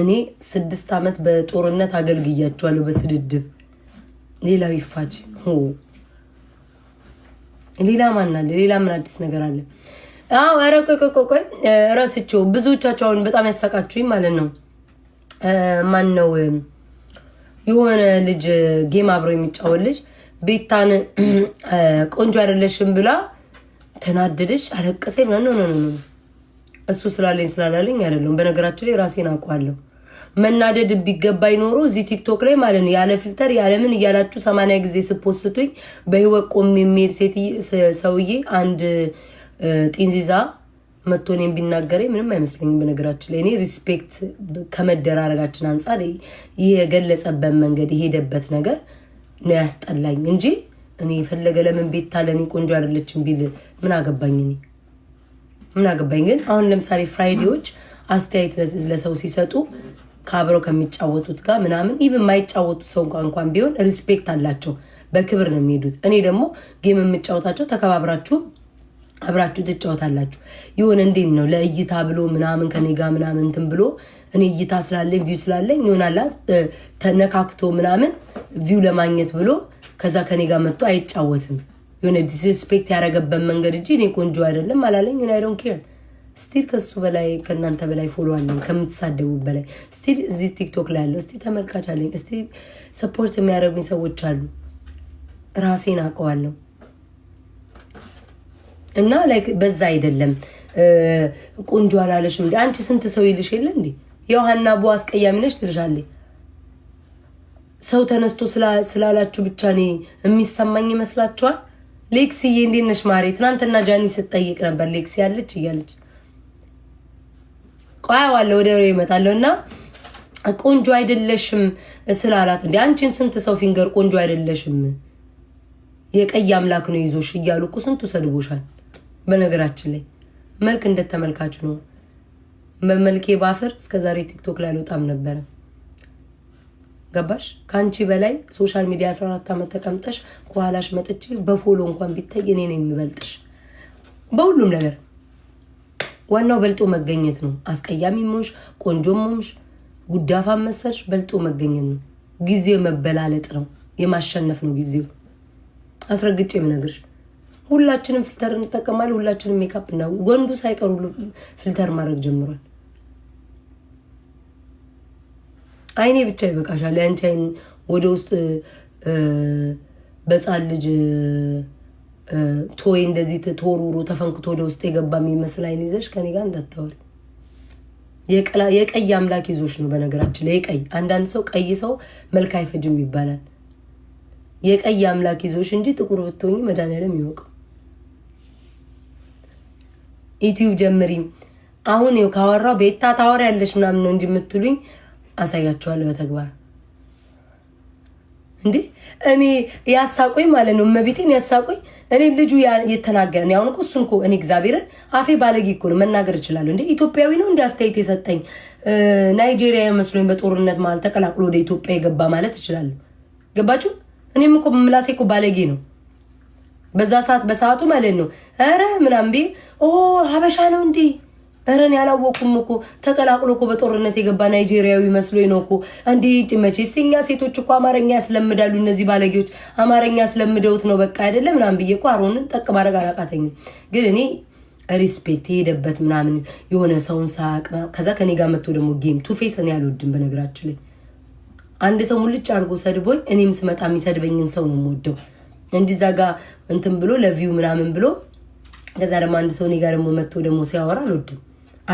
እኔ ስድስት ዓመት በጦርነት አገልግያቸዋለሁ በስድድብ። ሌላው ይፋጅ። ሌላ ማን አለ? ሌላ ምን አዲስ ነገር አለ? አዎ፣ ኧረ ቆይ ቆይ ቆይ ረስቼው። ብዙዎቻቸው አሁን በጣም ያሳቃችሁኝ ማለት ነው። ማን ነው የሆነ ልጅ ጌም አብሮ የሚጫወት ልጅ ቤታን ቆንጆ አይደለሽም ብላ ተናደደች፣ አለቀሰ ምናምን። እሱ ስላለኝ ስላላለኝ አይደለም። በነገራችን ላይ ራሴን አውቀዋለሁ። መናደድ ቢገባኝ ኖሮ እዚህ ቲክቶክ ላይ ማለት ነው ያለ ፊልተር ያለምን እያላችሁ ሰማንያ ጊዜ ስፖስቱኝ በህይወት ቆም የሚሄድ ሴት ሰውዬ አንድ ጢንዚዛ መቶ እኔን ቢናገረኝ ምንም አይመስለኝም። በነገራችን ላይ እኔ ሪስፔክት ከመደራረጋችን አንጻር ይህ የገለጸበት መንገድ የሄደበት ነገር ነው ያስጠላኝ እንጂ እኔ የፈለገ ለምን ቤታ ቆንጆ አይደለችም ቢል ምን አገባኝ? እኔ ምን አገባኝ? ግን አሁን ለምሳሌ ፍራይዴዎች አስተያየት ለሰው ሲሰጡ ከአብረው ከሚጫወቱት ጋር ምናምን ኢቭን የማይጫወቱት ሰው እንኳን ቢሆን ሪስፔክት አላቸው፣ በክብር ነው የሚሄዱት። እኔ ደግሞ ጌም የምጫወታቸው ተከባብራችሁ አብራችሁ ትጫወታላችሁ። ይሁን እንዴት ነው ለእይታ ብሎ ምናምን ከኔ ጋር ምናምን እንትን ብሎ እኔ እይታ ስላለኝ ቪው ስላለኝ ይሆናላ ተነካክቶ ምናምን ቪው ለማግኘት ብሎ ከዛ ከኔ ጋር መጥቶ አይጫወትም። የሆነ ዲስሪስፔክት ያደረገበት መንገድ እንጂ እኔ ቆንጆ አይደለም አላለኝ። አይ ዶንት ኬር ስቲል ከሱ በላይ ከእናንተ በላይ ፎሎ አለኝ ከምትሳደቡ በላይ ስቲል እዚህ ቲክቶክ ላይ ያለው ስቲል ተመልካች አለኝ ስቲል ሰፖርት የሚያደርጉኝ ሰዎች አሉ። ራሴን አውቀዋለሁ እና ላይክ በዛ አይደለም ቆንጆ አላለሽም እንዴ አንቺ ስንት ሰው ይልሽ የለ እንዴ የውሃና ቦ አስቀያሚ ነሽ ትልሻለች። ሰው ተነስቶ ስላላችሁ ብቻ እኔ የሚሰማኝ ይመስላችኋል? ሌክሲዬ እንዴት ነሽ ማሬ? ትናንትና ጃኒ ስትጠይቅ ነበር ሌክሲ ያለች እያለች ቆያዋለሁ ወደ ወሬ እመጣለሁ እና ቆንጆ አይደለሽም ስላላት እንዲ አንቺን ስንት ሰው ፊንገር ቆንጆ አይደለሽም የቀይ አምላክ ነው ይዞሽ እያሉ እኮ ስንቱ ሰድቦሻል። በነገራችን ላይ መልክ እንደተመልካች ነው። በመልኬ ባፍር እስከዛሬ ቲክቶክ ላይ አልወጣም ነበረ። ገባሽ? ከአንቺ በላይ ሶሻል ሚዲያ 14 ዓመት ተቀምጠሽ ከኋላሽ መጥቼ በፎሎ እንኳን ቢታይ እኔ ነው የሚበልጥሽ በሁሉም ነገር ዋናው በልጦ መገኘት ነው። አስቀያሚ ሞሽ ቆንጆ ሞሽ ጉዳፋ መሰልሽ፣ በልጦ መገኘት ነው። ጊዜው መበላለጥ ነው፣ የማሸነፍ ነው ጊዜው። አስረግጬ የምነግርሽ ሁላችንም ፊልተር እንጠቀማለን። ሁላችንም ሜካፕ እና ወንዱ ሳይቀር ሁሉ ፊልተር ማድረግ ጀምሯል። አይኔ ብቻ ይበቃሻል። የአንቺ አይን ወደ ውስጥ በጻን ልጅ ቶይ እንደዚህ ተወሩሮ ተፈንክቶ ወደ ውስጥ የገባ የሚመስል አይን ይዘሽ ከኔ ጋር እንዳታወሪ። የቀይ አምላክ ይዞሽ ነው። በነገራችን ላይ የቀይ አንዳንድ ሰው ቀይ ሰው መልክ አይፈጅም ይባላል። የቀይ አምላክ ይዞሽ እንጂ ጥቁር ብትሆኝ መድኃኒዓለም ይወቅ። ኢትዩብ ጀምሪ። አሁን ካወራው ቤታ ታወሪያለሽ ምናምን ነው እንጂ የምትሉኝ፣ አሳያችኋለሁ በተግባር እንዴ እኔ ያሳቆኝ ማለት ነው። እመቤቴን ያሳቆኝ። እኔ ልጁ የተናገረ አሁን እኮ እሱን እኮ እኔ እግዚአብሔርን አፌ ባለጌ እኮ ነው መናገር እችላለሁ። እንዴ ኢትዮጵያዊ ነው እንዲ አስተያየት የሰጠኝ ናይጄሪያ መስሎኝ በጦርነት ማለት ተቀላቅሎ ወደ ኢትዮጵያ የገባ ማለት እችላለሁ። ገባችሁ? እኔም እኮ ምላሴ እኮ ባለጌ ነው በዛ ሰዓት በሰዓቱ ማለት ነው። ኧረ ምናምን ቤ ኦ ሀበሻ ነው እንዴ እረን ያላወቁም እኮ ተቀላቅሎ እኮ በጦርነት የገባ ናይጄሪያዊ መስሎኝ ነው እኮ። እንዲህ መቼስ እኛ ሴቶች እኮ አማርኛ ያስለምዳሉ እነዚህ ባለጌዎች፣ አማርኛ ያስለምደውት ነው በቃ አይደለም ምናምን ብዬ እኮ አሮንን ጠቅ ማድረግ አላቃተኝም። ግን እኔ ሪስፔክት የሄደበት ምናምን የሆነ ሰውን ሳቅ ከዛ ከኔ ጋር መጥቶ ደግሞ ጌም ቱፌስ እኔ አልወድም በነገራችን ላይ አንድ ሰው ሙልጭ አድርጎ ሰድቦኝ እኔም ስመጣ የሚሰድበኝን ሰው ነው የምወደው እንዲዛ ጋ እንትን ብሎ ለቪው ምናምን ብሎ ከዛ ደግሞ አንድ ሰው እኔ ጋር ደግሞ መጥቶ ደግሞ ሲያወራ አልወድም።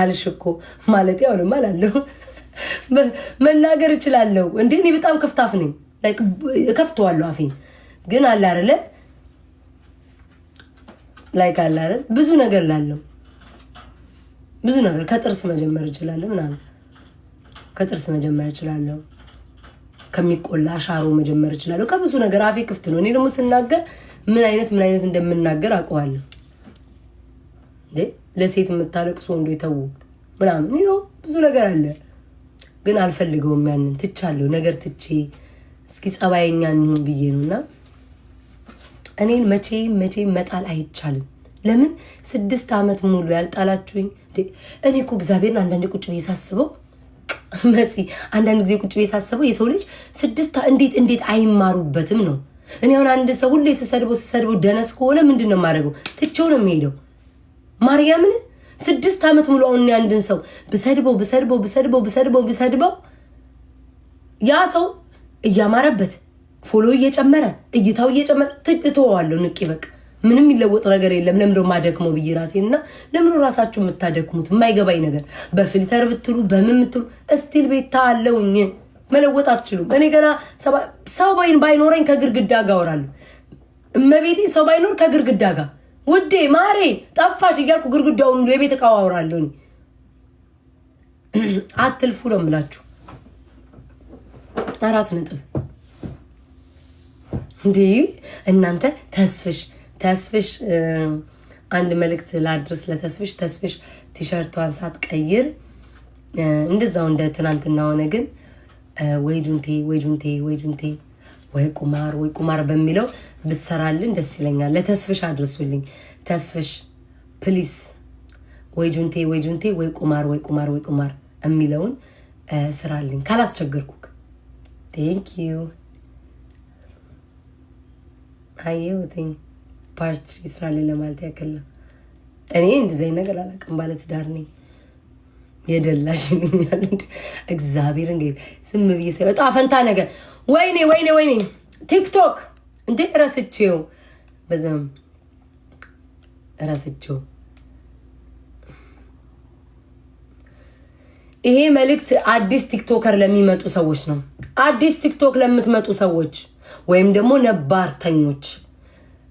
አልሽ እኮ ማለት አሁንማ አላለሁ መናገር እችላለሁ እንዴ? እኔ በጣም ከፍታፍ ነኝ፣ እከፍተዋለሁ አፌን። ግን አለ አይደለ ላይክ አለ አይደል ብዙ ነገር ላለው ብዙ ነገር ከጥርስ መጀመር እችላለሁ ምናምን ከጥርስ መጀመር እችላለሁ፣ ከሚቆላ አሻሮ መጀመር እችላለሁ። ከብዙ ነገር አፌ ክፍት ነው። እኔ ደግሞ ስናገር ምን አይነት ምን አይነት እንደምናገር አውቀዋለሁ። ለሴት የምታለቅሱ ወንዶ የተዉ ምናምን ይኸው ብዙ ነገር አለ። ግን አልፈልገውም። ያንን ትቻለሁ። ነገር ትቼ እስኪ ጸባየኛ እንሁን ብዬ ነው እና እኔን መቼ መቼ መጣል አይቻልም። ለምን ስድስት ዓመት ሙሉ ያልጣላችሁኝ? እኔ እኮ እግዚአብሔርን አንዳንዴ ቁጭ ብዬ ሳስበው መሲ አንዳንድ ጊዜ ቁጭ ብዬ ሳስበው የሰው ልጅ ስድስት እንዴት እንዴት አይማሩበትም ነው። እኔ አሁን አንድ ሰው ሁሌ ስሰድበው ስሰድበው ደነስ ከሆነ ምንድን ነው የማደርገው? ትቼው ነው የሚሄደው ማርያምን ስድስት ዓመት ሙሉ አሁን አንድን ሰው ብሰድበው ብሰድበው ብሰድበው ብሰድበው ብሰድበው ያ ሰው እያማረበት ፎሎ እየጨመረ እይታው እየጨመረ ትጥተዋለሁ ንቄ በቅ ምንም የሚለወጥ ነገር የለም። ለምደ ማደክሞ ብዬ ራሴ እና ለምዶ ራሳችሁ የምታደክሙት የማይገባኝ ነገር በፊልተር ብትሉ በምን ብትሉ እስቲል ቤታ አለውኝ መለወጥ አትችሉም። እኔ ገና ሰው ባይኖረኝ ከግድግዳ ጋ አወራለሁ። እመቤቴ ሰው ባይኖር ከግድግዳ ጋር ውዴ ማሬ ጠፋሽ እያልኩ ግድግዳውን የቤት እቃ አወራለሁ። አትልፉ ነው የምላችሁ። አራት ነጥብ እንዲህ እናንተ ተስፍሽ ተስፍሽ አንድ መልእክት ላድርስ ለተስፍሽ። ተስፍሽ ቲሸርቷን ሳትቀይር እንደዛው እንደ ትናንትና ሆነ። ግን ወይ ጁንቴ ወይ ጁንቴ ወይ ጁንቴ ወይ ቁማር ወይ ቁማር በሚለው ብትሰራልን ደስ ይለኛል። ለተስፍሽ አድርሱልኝ። ተስፍሽ ፕሊስ፣ ወይ ጁንቴ ወይ ጁንቴ ወይ ቁማር ወይ ቁማር ወይ ቁማር የሚለውን ስራልኝ ካላስቸገርኩክ። ቴንክ ዩ አየሁትኝ ፓርት ትሪ ስራልኝ ለማለት ያክል ነው። እኔ እንደዚህ ነገር አላውቅም። ባለትዳር ነኝ። የደላሽ ይሉኛል። እግዚአብሔር እንግዲህ ዝም ብዬ ሰ እጣ ፈንታ ነገር ወይኔ ወይኔ ወይኔ ቲክቶክ እንዴ ረስቼው በዛም ረስቼው። ይሄ መልእክት አዲስ ቲክቶከር ለሚመጡ ሰዎች ነው። አዲስ ቲክቶክ ለምትመጡ ሰዎች ወይም ደግሞ ነባርተኞች፣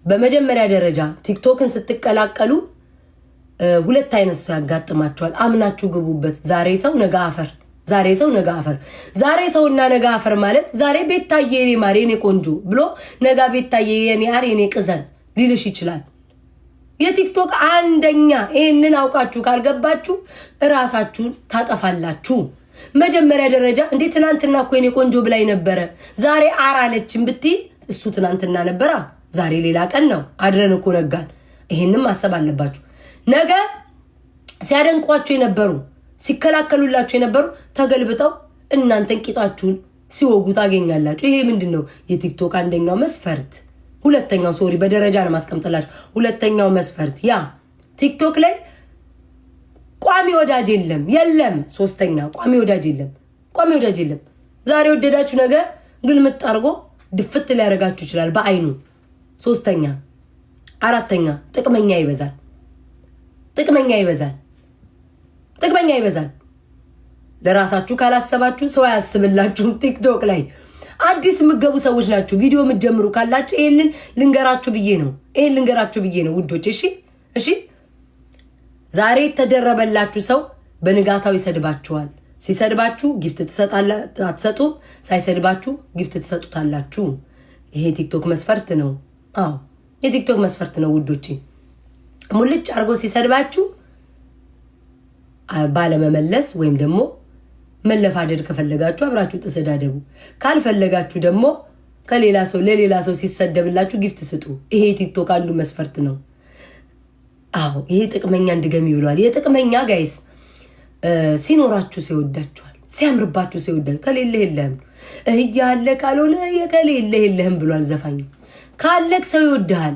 በመጀመሪያ ደረጃ ቲክቶክን ስትቀላቀሉ ሁለት አይነት ሰው ያጋጥማቸዋል። አምናችሁ ግቡበት። ዛሬ ሰው ነገ አፈር ዛሬ ሰው ነገ አፈር፣ ዛሬ ሰውና ነገ አፈር ማለት ዛሬ ቤታዬ የኔ ማር የኔ ቆንጆ ብሎ ነጋ ቤታዬ የኔ አር የኔ ቅዘን ሊልሽ ይችላል። የቲክቶክ አንደኛ ይህንን አውቃችሁ ካልገባችሁ እራሳችሁን ታጠፋላችሁ። መጀመሪያ ደረጃ እንዴ ትናንትና እኮ የኔ ቆንጆ ብላኝ ነበረ ዛሬ አር አለችን ብትይ እሱ ትናንትና ነበራ፣ ዛሬ ሌላ ቀን ነው። አድረን እኮ ነጋን። ይሄንም ማሰብ አለባችሁ። ነገ ሲያደንቋችሁ የነበሩ ሲከላከሉላችሁ የነበሩ ተገልብጠው እናንተን ቂጣችሁን ሲወጉ ታገኛላችሁ። ይሄ ምንድን ነው? የቲክቶክ አንደኛው መስፈርት፣ ሁለተኛው ሶሪ፣ በደረጃ ነው ማስቀምጥላችሁ። ሁለተኛው መስፈርት ያ ቲክቶክ ላይ ቋሚ ወዳጅ የለም የለም። ሶስተኛ ቋሚ ወዳጅ የለም፣ ቋሚ ወዳጅ የለም። ዛሬ ወደዳችሁ ነገር ግልምጥ አድርጎ ድፍት ሊያደርጋችሁ ይችላል በአይኑ። ሶስተኛ አራተኛ ጥቅመኛ ይበዛል፣ ጥቅመኛ ይበዛል። ጥቅመኛ ይበዛል። ለራሳችሁ ካላሰባችሁ ሰው አያስብላችሁም። ቲክቶክ ላይ አዲስ የምገቡ ሰዎች ናችሁ። ቪዲዮ የምትጀምሩ ካላችሁ ይህንን ልንገራችሁ ብዬ ነው። ይህን ልንገራችሁ ብዬ ነው ውዶች። እሺ፣ እሺ። ዛሬ የተደረበላችሁ ሰው በንጋታው ይሰድባችኋል። ሲሰድባችሁ ጊፍት አትሰጡም፣ ሳይሰድባችሁ ጊፍት ትሰጡታላችሁ። ይሄ ቲክቶክ መስፈርት ነው። አዎ የቲክቶክ መስፈርት ነው ውዶቼ። ሙልጭ አድርጎ ሲሰድባችሁ ባለመመለስ ወይም ደግሞ መለፋደድ ከፈለጋችሁ አብራችሁ ተሰዳደቡ። ካልፈለጋችሁ ደግሞ ከሌላ ሰው ለሌላ ሰው ሲሰደብላችሁ ጊፍት ስጡ። ይሄ ቲክቶክ አንዱ መስፈርት ነው። አዎ ይሄ ጥቅመኛ እንድገሚ ብለዋል። የጥቅመኛ ጋይስ ሲኖራችሁ ሲወዳችኋል፣ ሲያምርባችሁ ሲወዳ ከሌለ የለህም እያለ ካልሆነ የከሌለ የለህም ብሏል ዘፋኝ ካለቅ ሰው ይወድሃል፣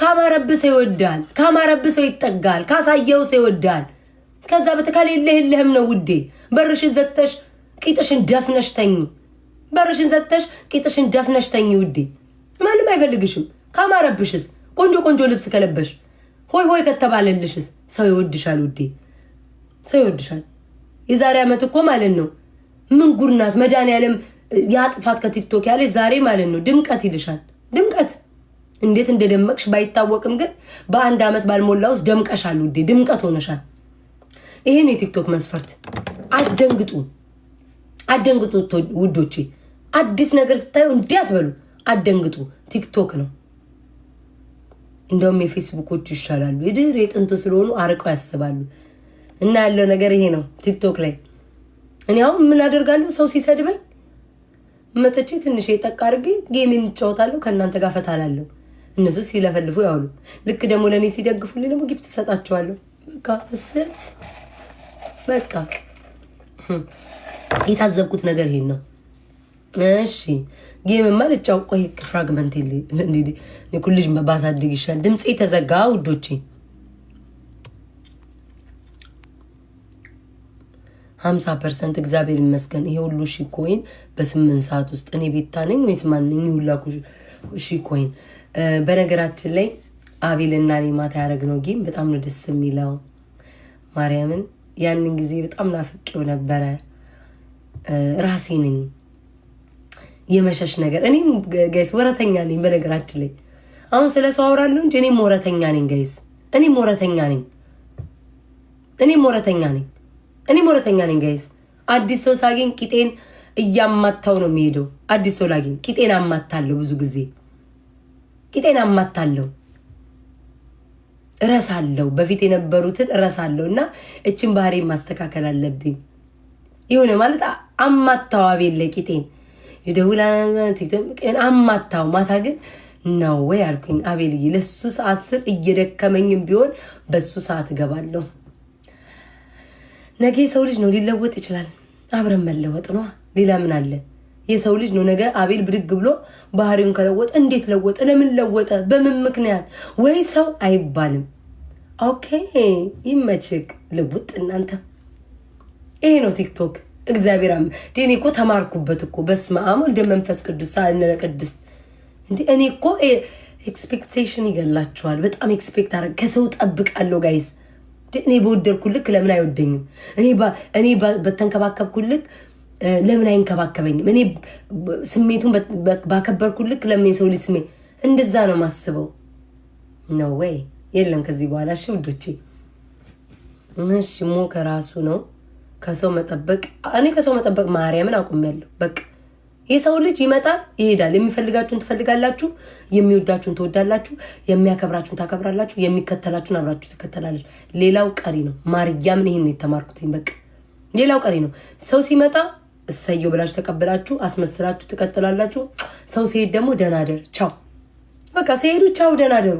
ካማረብ ሰው ይወድሃል፣ ካማረብ ሰው ይጠጋል፣ ካሳየው ሰው ይወድሃል። ከዛ በተካል የለህ የለህም ነው ውዴ። በርሽን ዘግተሽ ቂጥሽን ደፍነሽ ተኝ። በርሽን ዘግተሽ ቂጥሽን ደፍነሽ ተኝ ውዴ። ማንም አይፈልግሽም። ካማረብሽስ፣ ቆንጆ ቆንጆ ልብስ ከለበሽ፣ ሆይ ሆይ ከተባለልሽስ ሰው ይወድሻል ውዴ። ሰው ይወድሻል። የዛሬ ዓመት እኮ ማለት ነው ምን ጉድ ናት መድኃኒዓለም ያጥፋት ከቲክቶክ ያለች ዛሬ ማለት ነው ድምቀት ይልሻል። ድምቀት እንዴት እንደደመቅሽ ባይታወቅም፣ ግን በአንድ ዓመት ባልሞላ ውስጥ ደምቀሻል ውዴ። ድምቀት ሆነሻል። ይሄ ነው የቲክቶክ መስፈርት። አደንግጡ አደንግጡ ውዶቼ፣ አዲስ ነገር ስታዩ እንዲህ አትበሉ። አደንግጡ፣ ቲክቶክ ነው። እንደውም የፌስቡኮቹ ይሻላሉ። የድር የጥንቱ ስለሆኑ አርቀው ያስባሉ። እና ያለው ነገር ይሄ ነው ቲክቶክ ላይ። እኔ አሁን ምን አደርጋለሁ? ሰው ሲሰድበኝ መጠቼ ትንሽ የጠቃ አድርጌ ጌሜን እንጫወታለሁ፣ ከእናንተ ጋር ፈታላለሁ። እነሱ ሲለፈልፉ ያውሉ። ልክ ደግሞ ለእኔ ሲደግፉልኝ ደግሞ ጊፍት እሰጣችኋለሁ። በቃ እሰት በቃ የታዘብኩት ነገር ይሄን ነው። እሺ ጌም ጌምማ ልጫው። ቆይ ፍራግመንት ኩልጅ ባሳድግ ይሻል። ድምፄ ተዘጋ ውዶቼ። ሀምሳ ፐርሰንት እግዚአብሔር ይመስገን። ይሄ ሁሉ ሺ ኮይን በስምንት ሰዓት ውስጥ እኔ ቤታ ነኝ ወይስ ማንኝ? ሁላ ሺ ኮይን። በነገራችን ላይ አቤልና እኔ ማታ ያደረግነው ጌም በጣም ነው ደስ የሚለው ማርያምን ያንን ጊዜ በጣም ናፍቄው ነበረ። ራሴ የመሸሽ ነገር። እኔም ጋይስ ወረተኛ ነኝ በነገራችን ላይ አሁን ስለ ሰው አውራለሁ እንጂ እኔም ወረተኛ ነኝ ጋይስ። እኔም ወረተኛ ነኝ። እኔም ወረተኛ ነኝ። እኔም ወረተኛ ነኝ ጋይስ። አዲስ ሰው ሳገኝ ቂጤን እያማታው ነው የሚሄደው። አዲስ ሰው ላገኝ ቂጤን አማታለሁ። ብዙ ጊዜ ቂጤን አማታለሁ። እረሳለሁ፣ በፊት የነበሩትን እረሳለሁ እና እችን ባህሪ ማስተካከል አለብኝ። የሆነ ማለት አማታው አቤል ለቂጤን የደውላ አማታው ማታ ግን ነው ወይ አልኩኝ። አቤልዬ ለሱ ሰዓት ስል እየደከመኝም ቢሆን በሱ ሰዓት እገባለሁ። ነገ ሰው ልጅ ነው ሊለወጥ ይችላል። አብረን መለወጥ ነዋ። ሌላ ምን አለ? የሰው ልጅ ነው። ነገ አቤል ብድግ ብሎ ባህሪውን ከለወጠ እንዴት ለወጠ? ለምን ለወጠ? በምን ምክንያት? ወይ ሰው አይባልም። ኦኬ ይመችክ ልውጥ። እናንተ ይሄ ነው ቲክቶክ። እግዚአብሔር አም እኔ እኮ ተማርኩበት እኮ በስመ አብ ወልደ መንፈስ ቅዱስ ሳልነለ ቅድስት እንዲ እኔ እኮ ኤክስፔክቴሽን ይገላችኋል። በጣም ኤክስፔክት አረ ከሰው ጠብቃለሁ ጋይዝ። እኔ በወደድኩ ልክ ለምን አይወደኝም? እኔ በተንከባከብኩ ልክ ለምን አይንከባከበኝም? እኔ ስሜቱን ባከበርኩ ልክ ለምን የሰው ልጅ ስሜ እንደዛ ነው ማስበው ነው ወይ? የለም ከዚህ በኋላ እሺ ውዶቼ፣ እሺ ሞ ከራሱ ነው ከሰው መጠበቅ። እኔ ከሰው መጠበቅ ማርያምን አቁሜያለሁ። በቃ የሰው ልጅ ይመጣል ይሄዳል። የሚፈልጋችሁን ትፈልጋላችሁ፣ የሚወዳችሁን ትወዳላችሁ፣ የሚያከብራችሁን ታከብራላችሁ፣ የሚከተላችሁን አብራችሁ ትከተላለች። ሌላው ቀሪ ነው። ማርያምን ይህን የተማርኩትኝ በቃ ሌላው ቀሪ ነው። ሰው ሲመጣ እሰየ ብላችሁ ተቀብላችሁ አስመስላችሁ ትቀጥላላችሁ። ሰው ሲሄድ ደግሞ ደናደር ቻው፣ በቃ ሲሄዱ ቻው ደናደሩ።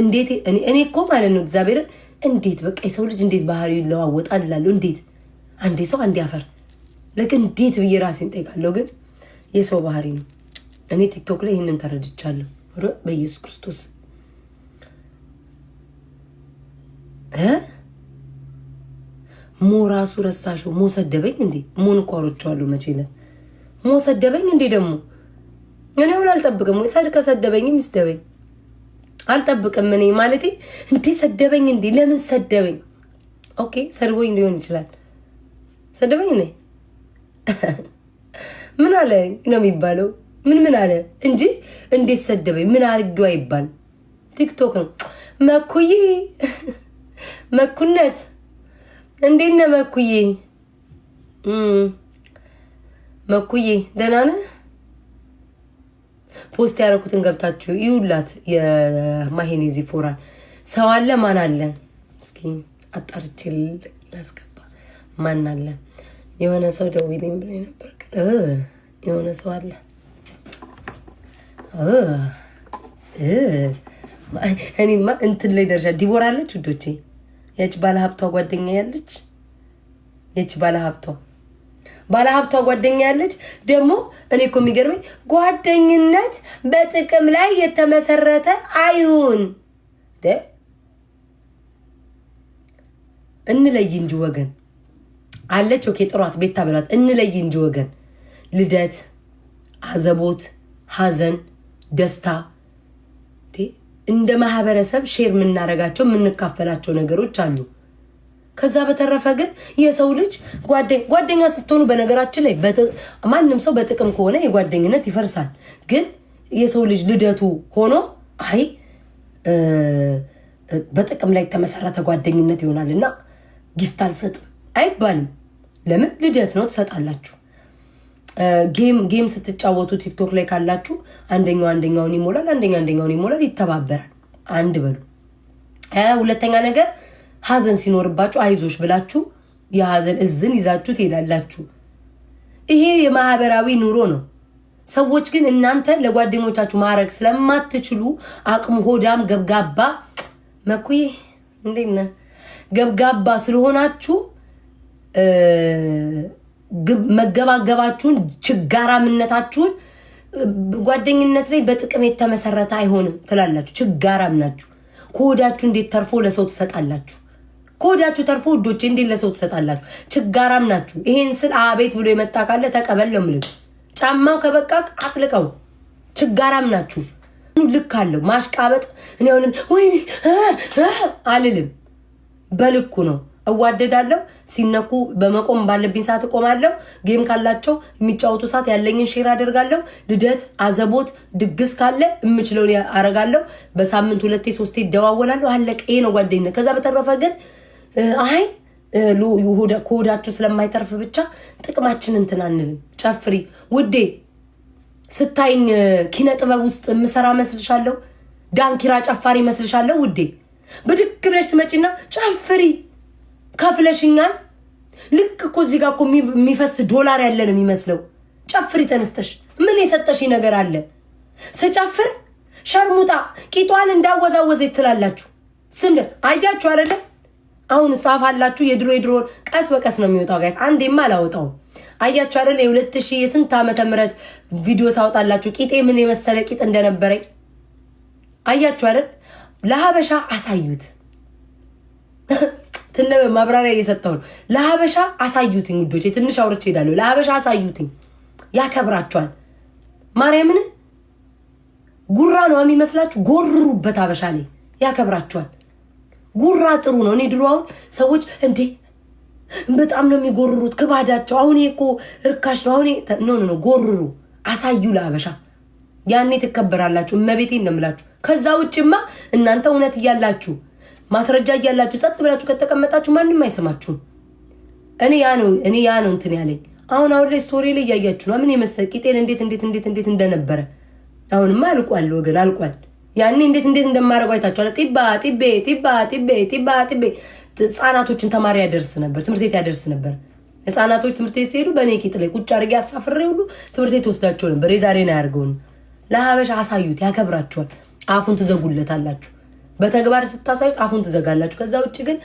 እንዴት እኔ እኮ ማለት ነው እግዚአብሔርን እንዴት በቃ የሰው ልጅ እንዴት ባህሪ ይለዋወጣል እላለሁ። እንዴት አንዴ ሰው አንዴ አፈር ለግ እንዴት ብዬ ራሴን ጠይቃለሁ። ግን የሰው ባህሪ ነው። እኔ ቲክቶክ ላይ ይህንን ተረድቻለሁ። በኢየሱስ ክርስቶስ ሞ ራሱ ረሳሽው። ሞ ሰደበኝ እንዴ? ሞን እኮ አውርቼዋለሁ። መቼ ዕለት ሞ ሰደበኝ እንዴ? ደግሞ እኔ አሁን አልጠብቅም ወይ ሰድ ከሰደበኝም ይስደበኝ አልጠብቅም። እኔ ማለቴ እንዴ ሰደበኝ እንዴ? ለምን ሰደበኝ? ኦኬ ሰድቦኝ ሊሆን ይችላል። ሰደበኝ ነ ምን አለ ነው የሚባለው? ምን ምን አለ እንጂ እንዴት ሰደበኝ ምን አርጊው አይባል። ቲክቶክን መኩዬ መኩነት እንዴት ነህ መኩዬ? መኩዬ ደህና ነህ? ፖስት ያደረኩትን ገብታችሁ ይውላት። የማሄኔዚ ፎራል ሰው አለ ማን አለ? እስኪ አጣርቼ ላስገባ። ማን አለ? የሆነ ሰው ደውዬልኝ ብሎ ነበር። የሆነ ሰው አለ እኔማ እንትን ላይ ደርሻ ዲቦራ አለች ውዶቼ ያቺ ባለሀብቷ ጓደኛ ያለች ያቺ ባለሀብቷ ባለሀብቷ ጓደኛ ያለች ደግሞ እኔ እኮ የሚገርመኝ ጓደኝነት በጥቅም ላይ የተመሰረተ አይሁን። እንለይ እንጂ ወገን አለች። ኦኬ ጥሯት፣ ቤት ታበላት። እንለይ እንጂ ወገን ልደት፣ አዘቦት፣ ሀዘን፣ ደስታ እንደ ማህበረሰብ ሼር የምናደርጋቸው የምንካፈላቸው ነገሮች አሉ። ከዛ በተረፈ ግን የሰው ልጅ ጓደኛ ስትሆኑ፣ በነገራችን ላይ ማንም ሰው በጥቅም ከሆነ የጓደኝነት ይፈርሳል። ግን የሰው ልጅ ልደቱ ሆኖ አይ በጥቅም ላይ የተመሰረተ ጓደኝነት ይሆናል እና ጊፍት አልሰጥም አይባልም። ለምን ልደት ነው ትሰጣላችሁ። ጌም ጌም ስትጫወቱ ቲክቶክ ላይ ካላችሁ አንደኛው አንደኛውን ይሞላል፣ አንደኛ አንደኛውን ይሞላል፣ ይተባበራል። አንድ በሉ። ሁለተኛ ነገር ሀዘን ሲኖርባችሁ አይዞች ብላችሁ የሀዘን እዝን ይዛችሁ ትሄዳላችሁ። ይሄ የማህበራዊ ኑሮ ነው። ሰዎች ግን እናንተ ለጓደኞቻችሁ ማድረግ ስለማትችሉ አቅሙ ሆዳም ገብጋባ መኩይ እንዴት ነህ ገብጋባ ስለሆናችሁ መገባገባችሁን ችጋራምነታችሁን ጓደኝነት ላይ በጥቅም የተመሰረተ አይሆንም ትላላችሁ። ችጋራም ናችሁ። ከሆዳችሁ እንዴት ተርፎ ለሰው ትሰጣላችሁ? ከሆዳችሁ ተርፎ ውዶቼ እንዴት ለሰው ትሰጣላችሁ? ችጋራም ናችሁ። ይሄን ስል አቤት ብሎ የመጣ ካለ ተቀበል ነው የምልህ። ጫማው ከበቃ አጥልቀው። ችጋራም ናችሁ። ልክ አለው ማሽቃበጥ። እኔ አሁንም ወይኔ አልልም፣ በልኩ ነው። እዋደዳለሁ። ሲነኩ በመቆም ባለብኝ ሰዓት እቆማለሁ። ጌም ካላቸው የሚጫወቱ ሰዓት ያለኝን ሼር አደርጋለሁ። ልደት፣ አዘቦት፣ ድግስ ካለ የምችለውን አረጋለሁ። በሳምንት ሁለቴ ሶስቴ ይደዋወላለሁ። አለቀ። ይሄ ነው ጓደኝነት። ከዛ በተረፈ ግን አይ ከሆዳችሁ ስለማይተርፍ ብቻ ጥቅማችን እንትን አንልም። ጨፍሪ ውዴ፣ ስታይኝ ኪነ ጥበብ ውስጥ የምሰራ መስልሻለሁ? ዳንኪራ ጨፋሪ መስልሻለሁ? ውዴ ብድግ ብለሽ ትመጪና ጨፍሪ ከፍለሽኛል። ልክ እኮ እዚህ ጋር እኮ የሚፈስ ዶላር ያለ ነው የሚመስለው። ጨፍሪ ተነስተሽ። ምን የሰጠሽ ነገር አለ? ስጨፍር ሸርሙጣ ቂጧን እንዳወዛወዘች ትላላችሁ። ስም አያችሁ አይደለ? አሁን ጻፍ አላችሁ። የድሮ የድሮን ቀስ በቀስ ነው የሚወጣው ጋይስ። አንዴማ አላወጣውም። አያችሁ አይደለ? የሁለት ሺህ የስንት ዓመተ ምህረት ቪዲዮ ሳውጣላችሁ ቂጤ ምን የመሰለ ቂጥ እንደነበረኝ አያችሁ አይደል? ለሀበሻ አሳዩት ማብራሪያ እየሰጠው ነው። ለሀበሻ አሳዩትኝ ውዶቼ፣ ትንሽ አውርቼ ሄዳለሁ። ለሀበሻ አሳዩትኝ፣ ያከብራቸዋል። ማርያምን ጉራ ነው የሚመስላችሁ? ጎርሩበት። ሀበሻ ላይ ያከብራቸዋል። ጉራ ጥሩ ነው። እኔ ድሮ አሁን ሰዎች እንዴ በጣም ነው የሚጎርሩት ክባዳቸው። አሁን እኮ እርካሽ ነው። አሁን ኖ ኖ ጎርሩ፣ አሳዩ ለሀበሻ ያኔ ትከበራላችሁ። እመቤቴ እንደምላችሁ ከዛ ውጭማ እናንተ እውነት እያላችሁ ማስረጃ እያላችሁ ጸጥ ብላችሁ ከተቀመጣችሁ ማንም አይሰማችሁም። እኔ ያ ነው እኔ ያ ነው እንትን ያለኝ። አሁን አሁን ላይ ስቶሪ ላይ እያያችሁ ነው። ምን የመሰል ቂጤን እንዴት እንዴት እንዴት እንዴት እንደነበረ አሁንማ አልቋል ወገን አልቋል። ያኔ እንዴት እንዴት እንደማደርጉ አይታችኋል። ጢባ ጢቤ ጢባ ጢቤ ጢባ ጢቤ ህጻናቶችን ተማሪ ያደርስ ነበር፣ ትምህርት ቤት ያደርስ ነበር። ህጻናቶች ትምህርት ቤት ሲሄዱ በእኔ ቂጥ ላይ ቁጭ አድርጌ አሳፍሬ ሁሉ ትምህርት ቤት ወስዳቸው ነበር። የዛሬን አያርገውን። ለሀበሻ አሳዩት፣ ያከብራቸዋል። አፉን ትዘጉለታላችሁ። በተግባር ስታሳዩት አፉን ትዘጋላችሁ። ከዛ ውጭ ግን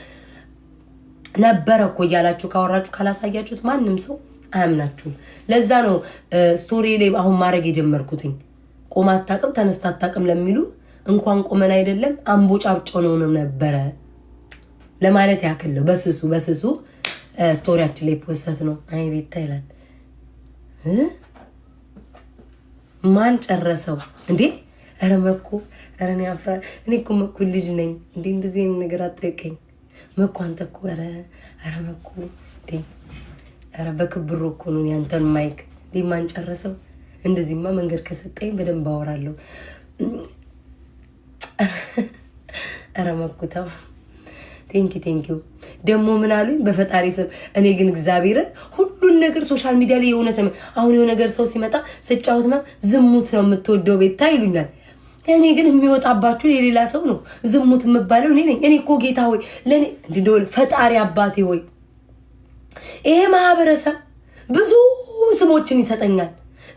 ነበረ እኮ እያላችሁ ካወራችሁ ካላሳያችሁት ማንም ሰው አያምናችሁም። ለዛ ነው ስቶሪ ላይ አሁን ማድረግ የጀመርኩትኝ ቆማ አታቅም ተነስታ አታቅም ለሚሉ እንኳን ቆመን አይደለም አምቦ ጫብጮ ነውንም ነበረ ለማለት ያክል ነው። በስሱ በስሱ ስቶሪያችን ላይ ፖሰት ነው። አይ ቤታ ይላል ማን ጨረሰው እንዴ? ረመኮ ኧረ እኔ አፍራ እኔ እኮ መኩ ልጅ ነኝ እንዲ እንደዚህ ነገር አጠቀኝ መኩ አንተ እኮ ኧረ ኧረ መኩ ኧረ በክብሮ እኮ ነው ያንተን ማይክ ማን ጨረሰው እንደዚህማ መንገድ ከሰጠኝ በደንብ አወራለሁ ኧረ መኩ ተው ቴንኪ ደሞ ደግሞ ምን አሉኝ በፈጣሪ ስም እኔ ግን እግዚአብሔርን ሁሉን ነገር ሶሻል ሚዲያ ላይ የእውነት ነው አሁን የሆነ ነገር ሰው ሲመጣ ስጫወት ዝሙት ነው የምትወደው ቤታ ይሉኛል እኔ ግን የሚወጣባችሁ የሌላ ሰው ነው። ዝሙት የምባለው እኔ ነኝ። እኔ እኮ ጌታ ሆይ ለእኔ እንዲደወል ፈጣሪ አባቴ ሆይ ይሄ ማህበረሰብ ብዙ ስሞችን ይሰጠኛል።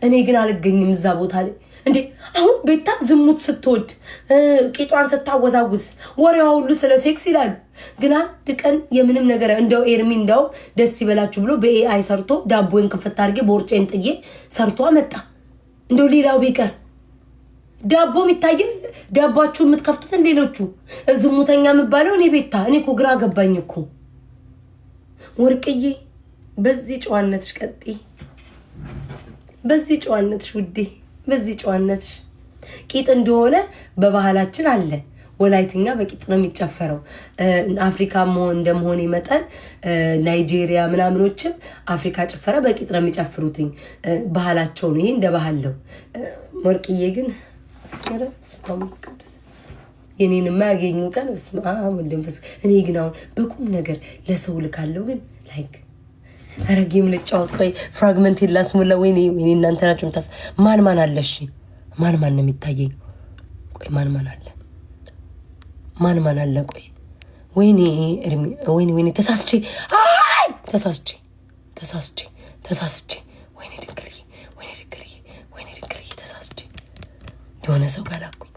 እኔ ግን አልገኝም እዛ ቦታ ላይ እንዴ። አሁን ቤታ ዝሙት ስትወድ ቂጧን ስታወዛውዝ ወሬዋ ሁሉ ስለ ሴክስ ይላሉ። ግን አንድ ቀን የምንም ነገር እንደው ኤርሚ እንዳውም ደስ ይበላችሁ ብሎ በኤአይ ሰርቶ ዳቦን ክፍት አድርጌ ቦርጬን ጥዬ ሰርቶ መጣ እንደው ሌላው ቢቀር ዳቦ የሚታይ ዳባችሁ የምትከፍቱትን ሌሎቹ ዝሙተኛ የምባለው እኔ ቤታ እኔ እኮ ግራ ገባኝ እኮ ወርቅዬ። በዚህ ጨዋነትሽ ቀጥይ፣ በዚህ ጨዋነትሽ ውዴ፣ በዚህ ጨዋነትሽ። ቂጥ እንደሆነ በባህላችን አለ። ወላይትኛ በቂጥ ነው የሚጨፈረው። አፍሪካ መሆን እንደመሆን መጠን ናይጄሪያ ምናምኖችም አፍሪካ ጭፈራ በቂጥ ነው የሚጨፍሩትኝ። ባህላቸው ነው። ይሄ እንደ ባህል ነው። ወርቅዬ ግን ኧረ በስመ አብ ወመንፈስ ቅዱስ የኔን የማያገኙ ቀን በስመ አብ እኔ ግን አሁን በቁም ነገር ለሰው ልካለው ግን ላይክ ኧረ ጌም ልጫወት ቆይ ፍራግመንት ላስሞላ ወይኔ ወይኔ እናንተ ናቸው የምታስ ማን ማን አለ እሺ ማን ማን ነው የሚታየኝ ቆይ ማን ማን አለ ማን ማን አለ ቆይ ወይኔ ወይኔ ወይኔ ተሳስቼ አይ ተሳስቼ ተሳስቼ ተሳስቼ ወይኔ ድንግልዬ የሆነ ሰው ጋር ላኩ